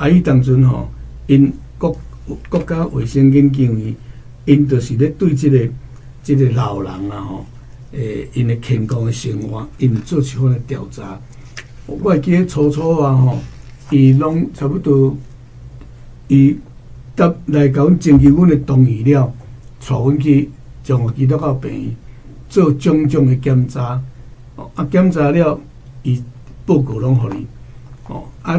啊！伊當陣吼、哦，因國國家衛生院建議，因就是咧對即、這個即、這個老人啊吼，誒、欸，因嘅健康嘅生活，因做一番調查。我記咧初初啊吼，伊攏差不多，伊答來甲阮徵求阮嘅同意了，帶阮去將基督教病院做種種嘅檢查，吼啊，檢查了，伊報告攏互伊吼啊。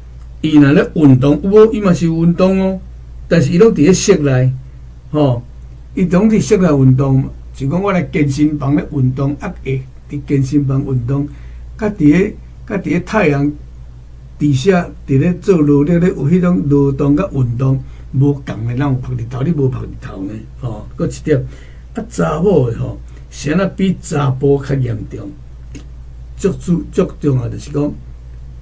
伊若咧運動，有無？伊嘛是有運動哦，但是伊攏佇咧室內，吼、哦，伊攏佇室內運動就講我來健身房咧運動，啊，喺佇健身房運動，甲佇咧甲佇咧太陽底下在在，佇咧做努力咧有迄種勞動甲運動，無共誒，人有曬日頭，你無曬日頭呢，吼、哦，擱一點，啊，查某誒吼，先、哦、啊比查甫較嚴重，足足足重要就是講。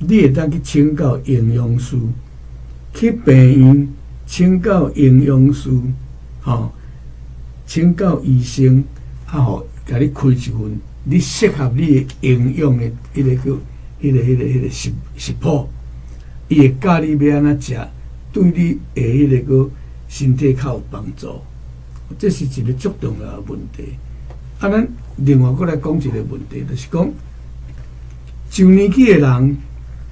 你會當去請教營養師，去病院請教營養師，吼，請教醫生，啊，好，甲你開一份你適合你營養嘅迄個叫迄、那個迄、那個迄、那個食食譜，伊會教你要安怎食，對你下迄個個身體較有幫助。這是一個足重要嘅問題。啊，咱另外閣來講一個問題，就是講上年紀嘅人。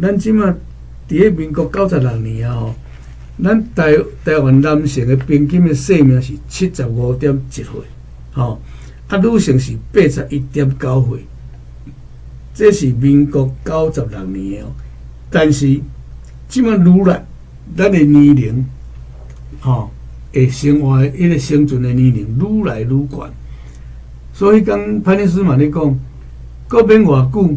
咱即馬佇咧民國九十六年啊吼，咱台台灣男性嘅平均嘅壽命是七十五點一歲，吼，啊女性是八十一點九歲，這是民國九十六年嘅哦。但是在，即馬愈來咱嘅年齡，吼、哦，誒，生活誒迄、那個生存嘅年齡愈來愈懸。所以講潘尼斯馬咧講，閣免偌久？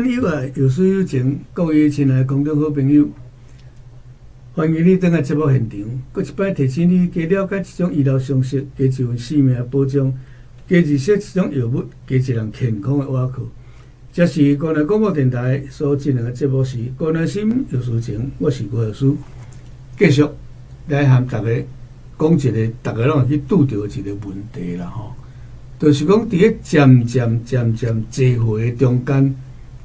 朋友啊，有事有情，各位親愛嘅觀眾、好朋友，歡迎你等來節目現場。閣一擺提醒你，多了解一種醫療信息，多一份生命保障，多一些一種藥物，多一份健康嘅依靠。即是關懷廣播電台所進行嘅節目，是《關懷心藥師情》，我是柯藥師，繼續來含大家講一個，大家攏去拄到一個問題啦，吼，就是講佇個漸漸漸漸聚會嘅中間。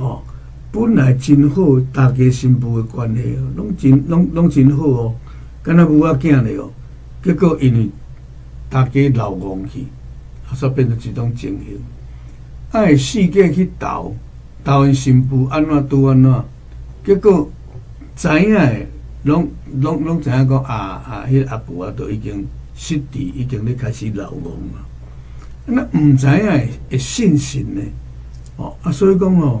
哦、本來真好，大家新婦嘅關係攏真攏攏真好哦，敢若母阿囝咧哦，結果因為大家老戇去，煞變成一種情形，愛、哎、四界去投，投因新婦安怎拄安怎，結果知影嘅攏攏攏知影講啊啊，迄、啊、阿婆啊都已經失智，已經咧開始老戇啊，那唔知影會信神呢？哦，啊所以講哦。